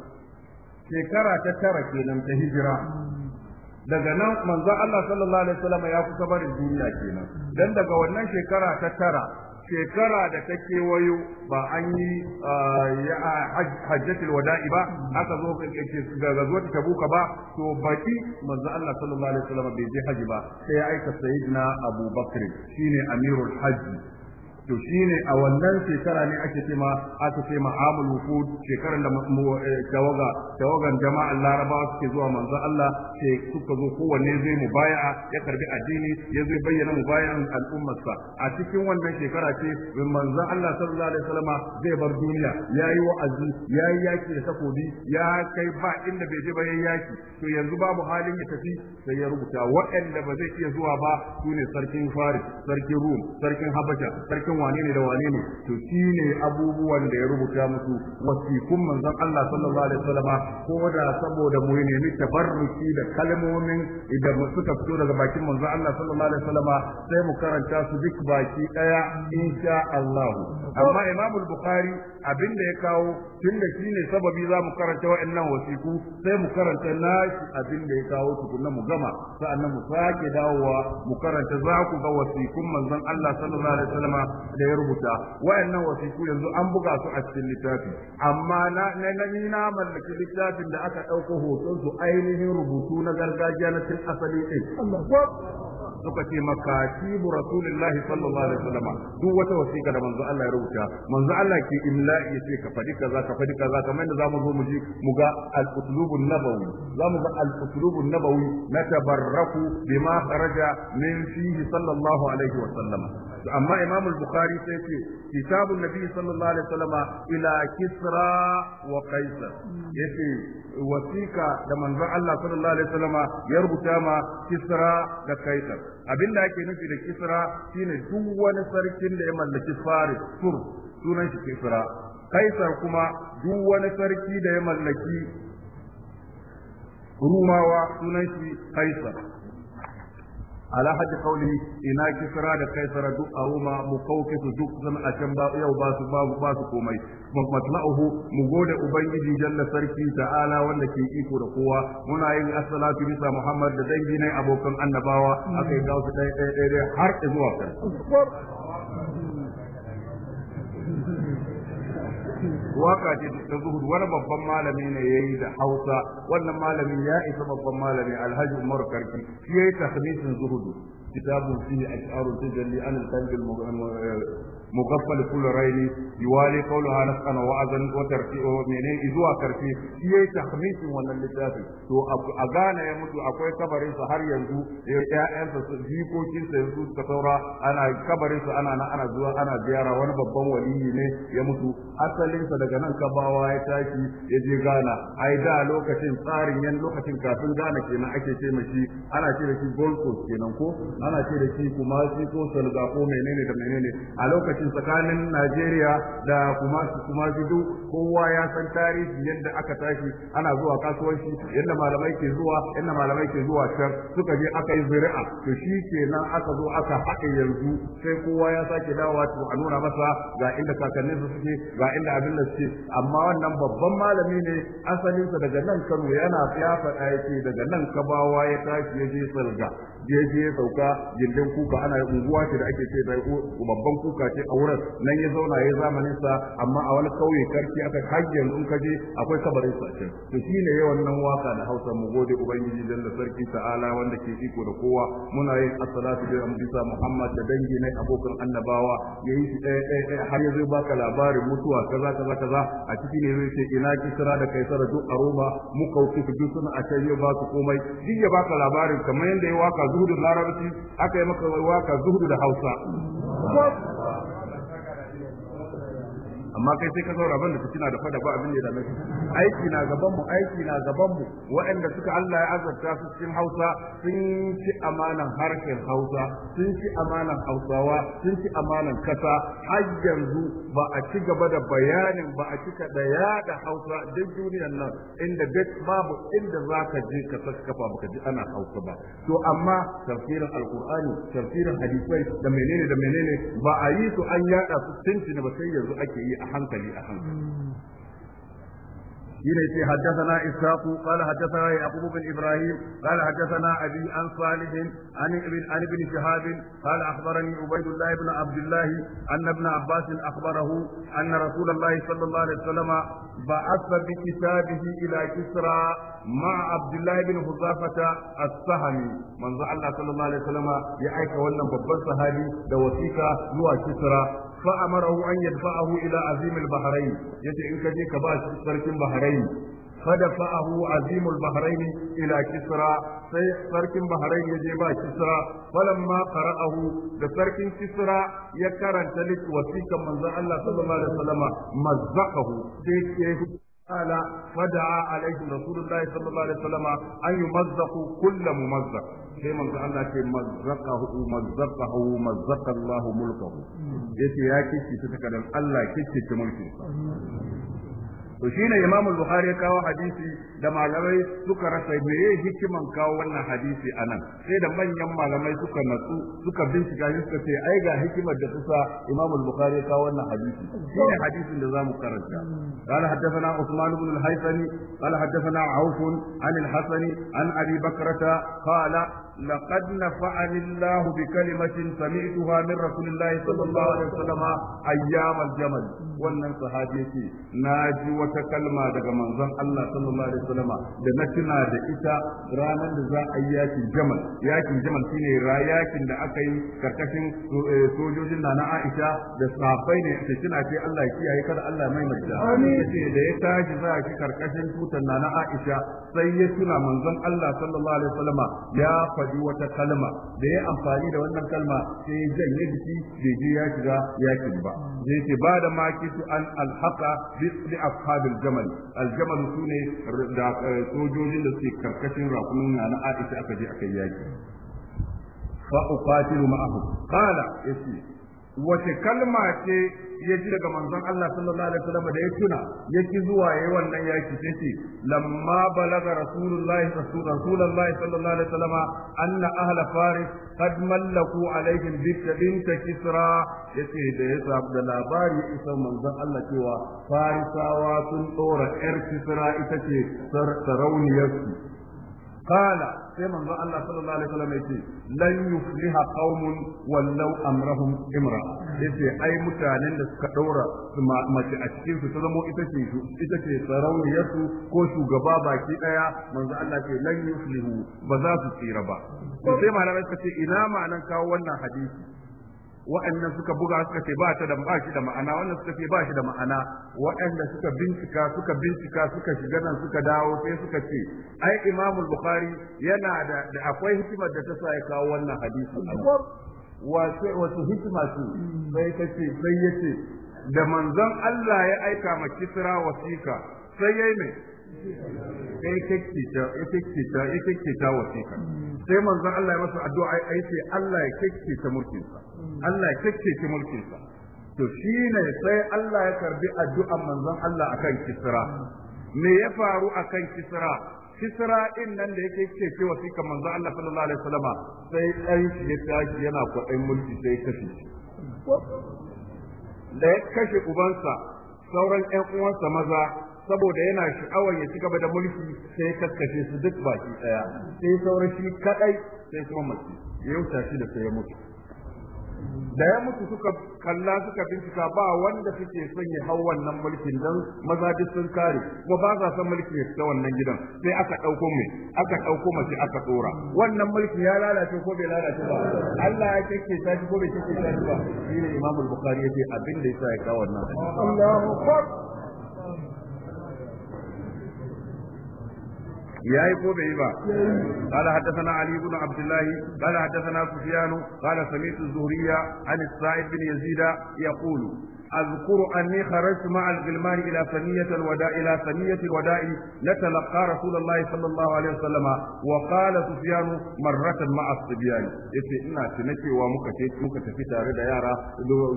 shekara ta tara kenan ta hijira daga nan manzo Allah sallallahu alaihi wasallam ya kusa barin duniya kenan dan daga wannan shekara ta tara shekara da ta kewayo ba an yi hajjatul wada'i ba aka zo ga gazuwar tabuka ba to baki manzo Allah sallallahu alaihi wasallam bai je haji ba sai ya aika sayyidina Abu Bakr shine amirul hajji to ne a wannan shekara ne ake ce ma aka ce ma amul wuqud shekaran da eh, tawaga tawagan jama'an larabawa suke zuwa manzo Allah sai suka zo kowanne zai mu baya ya karbi addini ya zai bayyana mu bayan al'ummarsa a cikin wannan shekara ce manzo Allah sallallahu alaihi wasallama zai bar duniya Ya yi wa'azi yayi yaki da takobi ya kai ba inda bai je ba yayi yaki to yanzu babu halin ya tafi sai ya rubuta waɗanda ba zai iya zuwa ba sune sarkin Faris sarkin Rum sarkin Habasha sarkin wane ne da wane ne to shi abubuwan da ya rubuta musu wasikun manzon Allah sallallahu alaihi wasallama ko da saboda mu nemi tabarruki da kalmomin idan suka fito daga bakin manzon Allah sallallahu alaihi wasallama sai mu karanta su duk baki daya insha Allah amma Imam Bukhari abin da ya kawo tunda shine sababi za mu karanta wa'annan wasiku sai mu karanta nashi abinda ya kawo tukunna mu gama sa'annan mu sake dawowa mu karanta za ku ga wasikun manzon Allah sallallahu alaihi wasallama da ya rubuta wayannan wasiku yanzu an buga su a cikin littafi amma na na ni na mallaki littafin da aka dauko hoton su ainihin rubutu na gargajiya na cikin asali din suka ce makatibu rasulullahi sallallahu alaihi wasallam duk wata wasiƙa da manzo Allah ya rubuta manzo Allah ke imla'i yace ka fadi kaza ka fadi kaza kamar yadda zamu zo mu ji mu ga al-uslubun nabawi zamu ga al-uslubun nabawi na tabarraku bima kharaja min fihi sallallahu alaihi wasallam amma imam al-bukhari sai ce kitabun nabi sallallahu alaihi wasallam ila kisra wa kaisar yace wasika da manzo Allah sallallahu alaihi wasallam ya rubuta ma kisra da kaisar abinda yake nufi da kisra shine duk wani sarkin da ya mallaki faris Tur, sunan shi kisra kaisar kuma duk wani sarki da ya mallaki rumawa sunan shi kaisar ala hajji kauli ina kisra da kaisara duk a wuma mu su duk sun a can yau ba su babu ba su komai matla'uhu mu gode ubangiji jalla sarki ta'ala wanda ke iko da kowa muna yin assalatu bisa muhammad da dangi ne abokan annabawa akai gawo su ɗaya ɗaya har zuwa kan waka ce ta zuhud wani babban malami ne yayi da Hausa wannan malamin ya isa babban malami Alhaji Umar Karki shi yi tahmisin zuhudu kitabun fihi ash'arun tajalli an al-qalbi مغفل كل رين يوالي قولها نسقا وعزا وترتيب منين إذوا كرتيب هي تخميس ولا اللتاف تو أغانا يموت أكوي كبرين سهر ينزو يا أنت جيكو كنت ينزو تطورا أنا كبرين أنا أنا أنا زوا أنا زيارة وأنا ببان ولي ne ya mutu asalinsa daga nan kabawa ya tashi ya je Ghana ai da lokacin tsarin yan lokacin kafin Ghana kenan ake ce mashi ana ce da shi Gold kenan ko ana ce da shi kuma ko Salga ko menene da menene a lokacin bambancin tsakanin Najeriya da kuma su duk kowa ya san tarihi yadda aka tashi ana zuwa kasuwanci yadda malamai ke zuwa yadda malamai ke zuwa can suka je aka yi zuri'a to shi ke nan aka zo aka haɗe yanzu sai kowa ya sake dawowa to a nuna masa ga inda su suke ga inda abin da suke amma wannan babban malami ne asalinsa daga nan Kano yana ya faɗa yake daga nan Kabawa ya tashi ya je Salga je je sauka gindin kuka ana unguwa ce da ake ce babban kuka ce a wurin nan ya zauna ya zamanin sa amma a wani kauye karki aka kage in ka je akwai kabarin sa ce to shine yawan nan waka da Hausa mu gode ubangiji jalla sarki ta'ala wanda ke iko da kowa muna yin assalatu salatu bi Muhammad da dangi na abokan annabawa yayi shi ɗaya ɗaya har ya zai baka labarin mutuwa kaza kaza kaza a cikin ne zai ce ina kisra da kaisara duk a Roma mu kauce duk suna a can ya ba su komai duk ya baka labarin kamar yadda ya waka zuhudu larabci aka yi maka waka zuhudu da Hausa amma kai sai ka zaura ban da fitina da fada ba abin da dame aiki na gaban mu aiki na gaban mu waɗanda suka Allah ya azabta su cikin Hausa sun ci amanan harshen Hausa sun ci amanan Hausawa sun ci amanan kasa har yanzu ba a ci gaba da bayanin ba a cika da yada Hausa duk duniyar nan inda duk babu inda za ka je ka saka kafa baka ji ana Hausa ba to amma tafsirin Alkur'ani tafsirin hadisai da menene da menene ba a yi su an yada su tunci ba sai yanzu ake yi a hankali a hankali hmm. shi ne sai haddasa isaku qala haddasa na ibrahim qala haddasa na an salih an ibn an ibn shihab akhbarani ubaydullah ibn abdullah an ibn abbas akhbarahu anna rasulullah sallallahu alaihi wasallam ba'atha bi kitabihi ila kisra ma abdullah ibn huzafa as-sahmi manzo allah ya aika wannan babban sahari da wasika zuwa kisra fa amarahu an yadfa'ahu ila azim al-bahrain yace in ka je ka ba shi sarkin bahrain فدفعه عظيم البحرين إلى كسرى سيسرك بحرين يجيب كسرى فلما قرأه لسرك كسرى يكرن تلك وثيقا من الله صلى الله عليه وسلم مزقه قال فدعا عليهم رسول الله صلى الله عليه وسلم أن يمزقوا كل ممزق sai manzo Allah ce mazzaqahu mazzaqahu mazzaqa mulkahu yace ya kici ta kadan Allah kici ta mulkin sa to shine Imam Bukhari ya kawo hadisi da malamai suka rasa meye hikiman kawo wannan hadisi anan sai da manyan malamai suka natsu suka bincika shi suka ce ai ga hikimar da kusa Imam Bukhari ya kawo wannan hadisi shine hadisin da zamu karanta قال حدثنا عثمان بن الهيثمي قال حدثنا عوف عن الحسن عن ابي بكرة قال لقد نفعني الله بكلمة سمعتها من رسول الله صلى الله عليه وسلم أيام الجمل wannan sahabi yake na ji wata kalma daga manzon Allah sallallahu alaihi wasallam da na tuna da ita ranar da za a yi yakin jamal yakin jamal shine yakin da aka yi karkashin sojojin na Aisha da safai ne da tuna ce Allah ya kiyaye kada Allah mai majda ce da ya tashi za a ki karkashin tutan na Aisha sai ya tuna manzon Allah sallallahu alaihi wasallam ya faɗi wata kalma da ya amfani da wannan kalma sai janye jiki bai je ya shiga yakin ba zai ce ba da makisu an alhaka bi ashabil jamal aljamal sune da eh, sojojin da suke karkashin rakunin na Aisha aka je aka yaki fa uqatilu ma'ahum qala yasi wace kalma ce ya ji daga manzon Allah sallallahu alaihi wasallam da ya tuna ya ki zuwa yayi wannan yaki ki ce lamma balaga rasulullahi rasulullahi sallallahu alaihi wasallam anna ahla faris qad mallaku alaihim bint kisra yace da ya sa da labari isa manzon Allah cewa farisawa sun dora yar kisra ita ce sarauniyar su sai manzo Allah sallallahu alaihi wasallam yace lan yufliha qaumun wallau amrahum imra yace ai mutanen da suka daura mace a cikin su ta zamo ita ce ita ce sarauniyarsu ko shugaba baki daya manzo Allah ce lan yuflihu ba za su tsira ba sai malamai suka ce ina ma'anan kawo wannan hadisi waɗannan suka buga suka ce ba ta da ba shi da ma'ana wannan suka ce ba shi da ma'ana waɗanda suka bincika suka bincika suka shiga nan suka dawo sai suka ce ai imamul bukhari yana da akwai hikimar da ta sa ya kawo wannan hadisi wasu hikima ce sai ta ce sai ya ce da manzon Allah ya aika ma kisra wasika sai yayi ne sai ya kekkita ya kekkita ya ta wasika sai manzon Allah ya masa addu'a ai sai Allah ya ta murkinsa. Allah ya ki mulkin sa to shine sai Allah ya karbi addu'an manzon Allah akan Kisra me ya faru akan Kisra Kisra din nan da yake ce cewa shi kan manzon Allah sallallahu alaihi wasallama sai ɗan shi ya tashi yana kwaɗayin mulki sai kashe shi da ya kashe ubansa sauran ƴan uwansa maza saboda yana sha'awar ya ci gaba da mulki sai ya kakkashe su duk baki ɗaya sai sauran shi kaɗai sai kuma mace ya yauta shi da sai ya mutu da ya mutu suka kalla suka bincika ba wanda suke son ya hau wannan mulkin dan maza duk sun kare kuma ba za san mulki ya fita wannan gidan sai aka dauko mai aka dauko mace aka tsora wannan mulki ya lalace ko bai lalace ba Allah ya kike ta ko bai kike ta ba shine Imam Bukhari yace abin da yasa ya kawo wannan Allahu Akbar yayi ko bai ba qala hadathana ali ibn abdullah qala hadathana sufyan qala sami'tu az-zuhriyya an sa'id bin yazid yaqulu أذكر أني خرجت مع الغلمان إلى ثنية الوداع إلى ثنية الوداع نتلقى رسول الله صلى الله عليه وسلم وقال سفيان مرة مع الصبيان يتي إنا تنكي ومكتي مكتي تارد يارا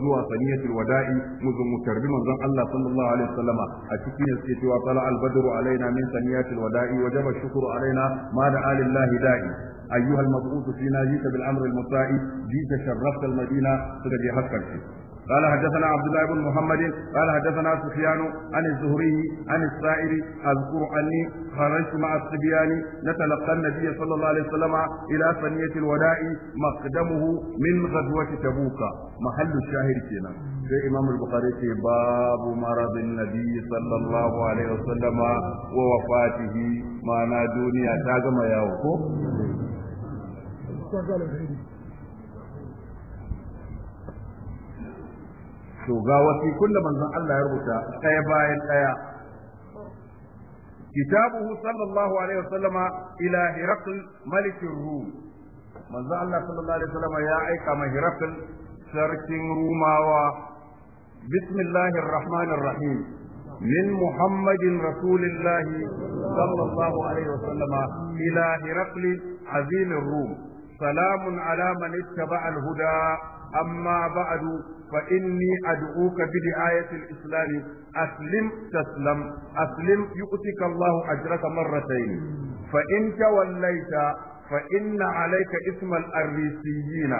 زوا ثنية الوداع منذ متربم من الله صلى الله عليه وسلم أتكين سكتي وطلع البدر علينا من ثنية الوداع وجب الشكر علينا ما دعا لله داعي أيها المبعوث فينا جيت بالأمر المسائي جيت شرفت المدينة فقد يحقق قال حدثنا عبد الله بن محمد قال حدثنا سفيان عن الزهري عن السائر اذكر اني خرجت مع الصبيان نتلقى النبي صلى الله عليه وسلم الى ثنيه الوداع مقدمه من غزوه تبوك محل الشاهد كنا sai imam al-bukhari ce babu maradin nabi sallallahu alaihi wasallam wa wafatihi ma'ana duniya ta gama yawo ko to ga wasiƙun da manzon Allah ya rubuta ɗaya bayan ɗaya كتابه صلى الله عليه وسلم إلى هرقل ملك الروم من ذا الله صلى الله عليه وسلم يا أيك من هرقل شرك روماوا بسم الله الرحمن الرحيم من محمد رسول الله صلى الله عليه وسلم إلى هرقل عزيم الروم سلام على من اتبع الهدى أما بعد فإني أدعوك بدعاية الإسلام أسلم تسلم أسلم يؤتك الله أجرك مرتين فإن توليت فإن عليك اسم الأريسيين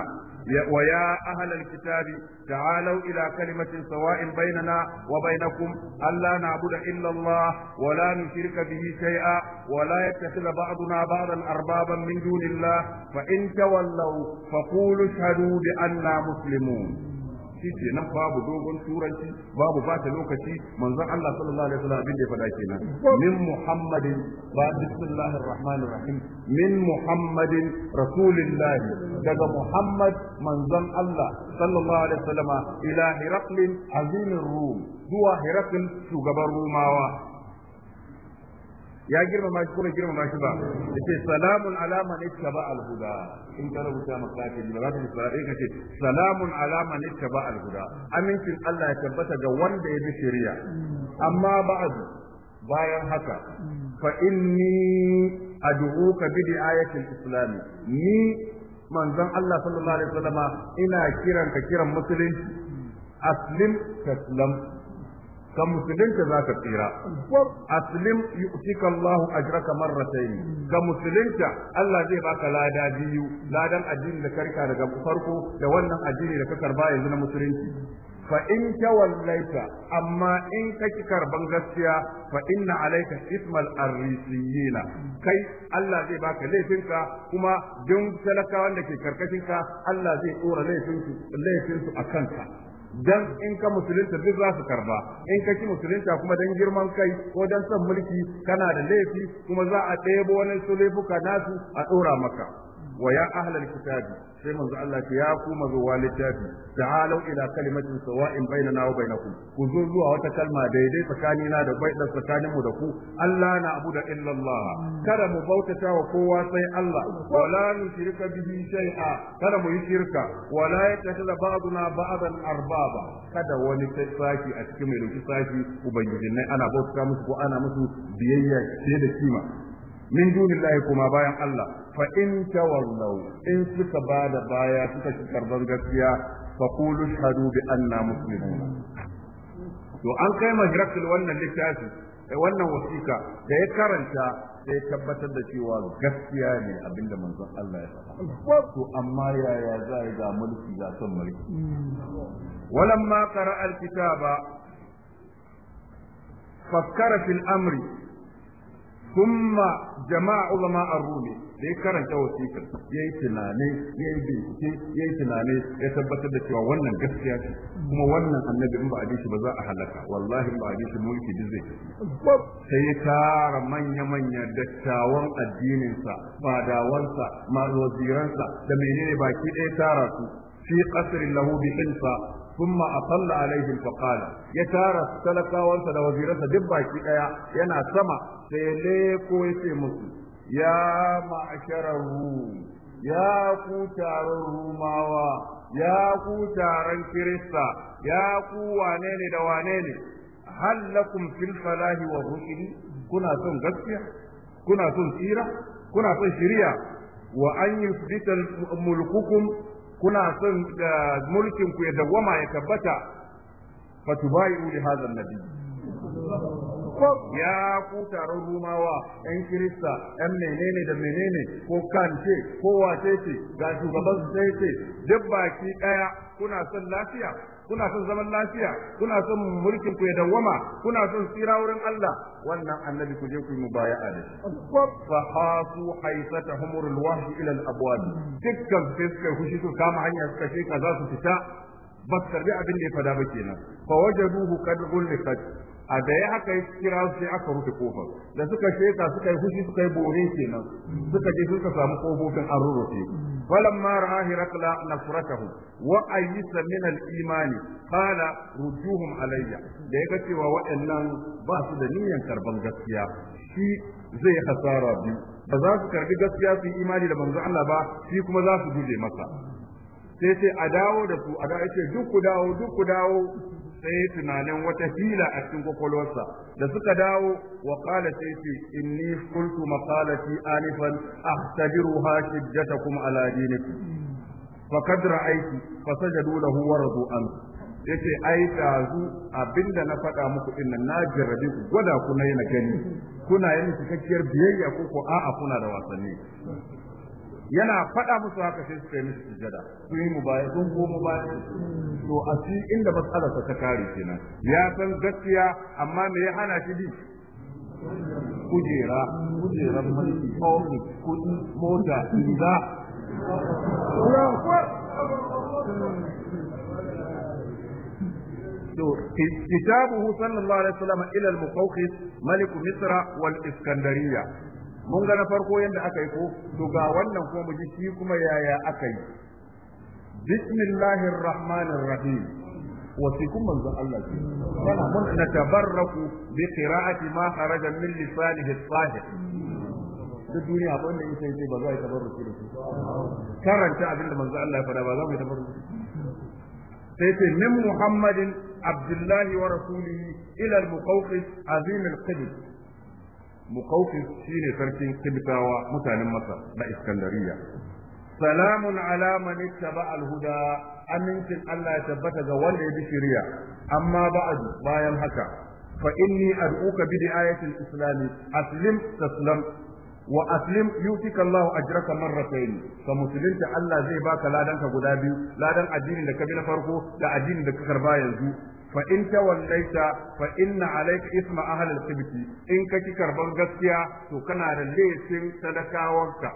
ويا أهل الكتاب تعالوا إلى كلمة سواء بيننا وبينكم ألا نعبد إلا الله ولا نشرك به شيئا ولا يتخذ بعضنا بعضا أربابا من دون الله فإن تولوا فقولوا اشهدوا بأننا مسلمون shi kenan babu dogon turanci babu bata lokaci manzon Allah sallallahu alaihi wasallam abin da ya faɗa kenan min muhammadin ba rahim min muhammadin rasulillahi daga muhammad manzon Allah sallallahu alaihi wasallam ila hiraqlin azimir rum zuwa hiraql shugaban rumawa ya girmama shi ko bai girmama shi ba ce salamun ala man ittaba al huda in ka rubuta makafi ba za ka fara sai ka ce salamun ala man ittaba al huda amincin Allah ya tabbata ga wanda ya bi shari'a amma ba'd bayan haka fa inni ad'uka bi di'ayati al-islam ni manzon Allah sallallahu alaihi wasallama ina kiran ka kiran musulunci aslim taslam ka musulunta za ka tsira aslim yu'tika Allahu ajraka marratayn ka musulunta Allah zai baka lada biyu ladan addini da karka daga farko da wannan addini da ka karba yanzu na musulunci fa in tawallaita amma in kaki karban gaskiya fa inna alayka ismal arrisiyina kai Allah zai baka laifinka kuma dun talakawan da ke karkashinka Allah zai tsora laifinsu a akan dan in ka musulunta duk za su karba in ka ki musulunta kuma dan girman kai ko dan son mulki kana da laifi kuma za a ɗebo wani su laifuka nasu a ɗora maka ويا أهل الكتاب سيما الله يا كوما بوالدات تعالوا إلى كلمة سواء بيننا وبينكم كذلوا وتكلمة ديدي فكانينا دبيت فكانمو دكو ألا نعبد إلا الله كذا مبوتة وقوة سي الله ولا نشرك به شيئا كذا مشرك ولا يتخذ بعضنا بعضا أربابا كذا ونكساكي أتكمل ونكساكي وبنجدنا أنا بوتة مسكو أنا مسكو بيئة سيدة كيما min dunillahi kuma bayan Allah fa in tawallaw in suka bada baya suka ci karban gaskiya fa qulu shahadu bi anna muslimun to an kai majrakul wannan littafi eh, wannan wasika da ya karanta sai tabbatar da cewa gaskiya ne abinda manzon Allah ya faɗa to amma yaya za ga mulki ga son mulki walamma qara alkitaba fakkara fil amri Jama'a, جماع ma الروم da ya karanta wasiƙar ya yi tunani ya yi bincike ya yi tunani ya tabbatar da cewa wannan gaskiya ce kuma wannan annabi in ba a ba za a halaka wallahi in ba a shi mulki duk zai sai ya tara manya-manya dattawan addininsa fadawansa waziransa da menene baki ɗaya tara su fi qasrin lahu bi ثم أطل عليهم فقال يتارى سلكا وانت لوزيرة دبا كي ايا ينا سما سيليكو يسي مسلم ya ma'asharar rum ya ku taron rumawa ya ku taron kirista ya ku wane da wane ne hallakum fil falahi wa rukini kuna son gaskiya kuna son tsira kuna son shiriya wa an yusbita mulkukum kuna son mulkin ku ya dawwama ya tabbata fatubai li hadha nabi ya ku taron rumawa yan kirista yan menene da menene ko kante ko wace ce ga shugaban su sai ce duk baki ɗaya kuna son lafiya kuna son zaman lafiya kuna son mulkin ku ya dawwama kuna son tsira wurin Allah wannan annabi ku je ku yi mubaya'a da shi fa hasu haisata humurul wahyi ila alabwad dukkan fiska hushi su kama hanya suka ce kaza su fita ba karbi abin da ya fada ba kenan fa wajaduhu qad ulqat a da ya aka yi kira sai aka rufe kofar da suka sheka suka yi fushi suka yi bore kenan suka je suka samu kofofin an rurrufe فلما راى هرقل نفرته وايس من imani قال ردوهم alayya da ya ga cewa waɗannan ba su da niyyar karban gaskiya shi zai hasara biyu ba za su karbi gaskiya su yi imani da manzo Allah ba shi kuma za su guje masa sai sai a dawo da su a dawo ce duk ku dawo duk ku dawo sai tunanin wata hila a cikin kwakwalwarsa da suka dawo wa kala sai ce inni kuntu maqalati anifan ahtajiruha shiddatakum ala dinikum fakad ra'aytu sajadu lahu wa radu an yace ai tazu abinda na faɗa muku din nan na gwada ku na gani kuna yin cikakkiyar biyayya ko ko a'a kuna da wasanni yana faɗa musu haka sai suka yi musu sujada sun yi mubaya sun ko mubaya to a shi inda masalar ta kare kenan ya san gaskiya amma me ya hana shi bi kujera kujeran mulki ofis kudi mota inda sallallahu alaihi wasallam ila al-muqawqis Malik misra wal Iskandariya. mun ga na farko yadda aka yi ko to ga wannan kuma mu ji shi kuma yaya aka yi bismillahir rahmanir rahim wasikun manzon Allah ke yana mun natabarraku bi qira'ati ma kharaja min lisanihi sahih duk duniya ba wanda yake sai ba za a tabarruki da su karanta abin da manzo Allah ya faɗa ba za mu tabarruki sai ce min muhammadin abdullahi wa rasulihi ila al-muqawqis azim al-qibl muqawqis shine sarkin kibtawa mutanen masa na iskandariya salamun ala man ittaba al-huda amincin Allah ya tabbata ga wanda ya bi shirya, amma ba'du bayan haka fa inni ad'uka bi di'ayati al-islam aslim taslam wa aslim yutika Allah ajraka rasaini, ka musulunta Allah zai baka ladanka guda biyu ladan addinin da ka bi na farko da addinin da ka karba yanzu fa in tawallaita fa inna alayka isma ahli al-kibti in ka karbar gaskiya to kana da laifin sadakawanka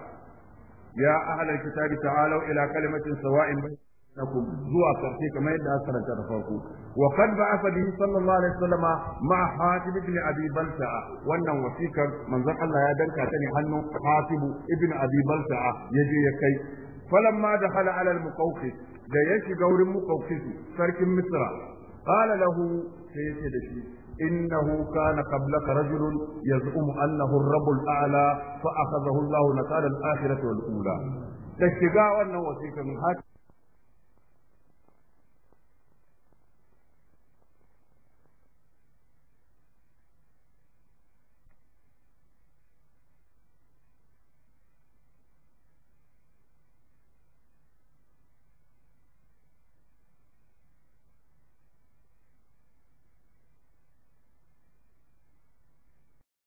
ya ahli al-kitabi ta'alu ila kalimatin sawa'in bainakum zuwa karshe kamar yadda aka karanta da farko wa qad ba'atha bihi sallallahu alaihi wasallama ma hatib ibn abi balta wannan wasikar manzon Allah ya danka ta ne hannun hatib ibn abi balta yaje ya kai falamma dakhala ala al-muqawqis da ya shiga wurin muqawqis sarkin misra qala lahu sai yace da shi innahu kana qablaka rajulun yaz'umu annahu Allahun rabbul a'la fa akhadhahu Allahu nakala al-akhirati wal da shiga wannan wasikan haka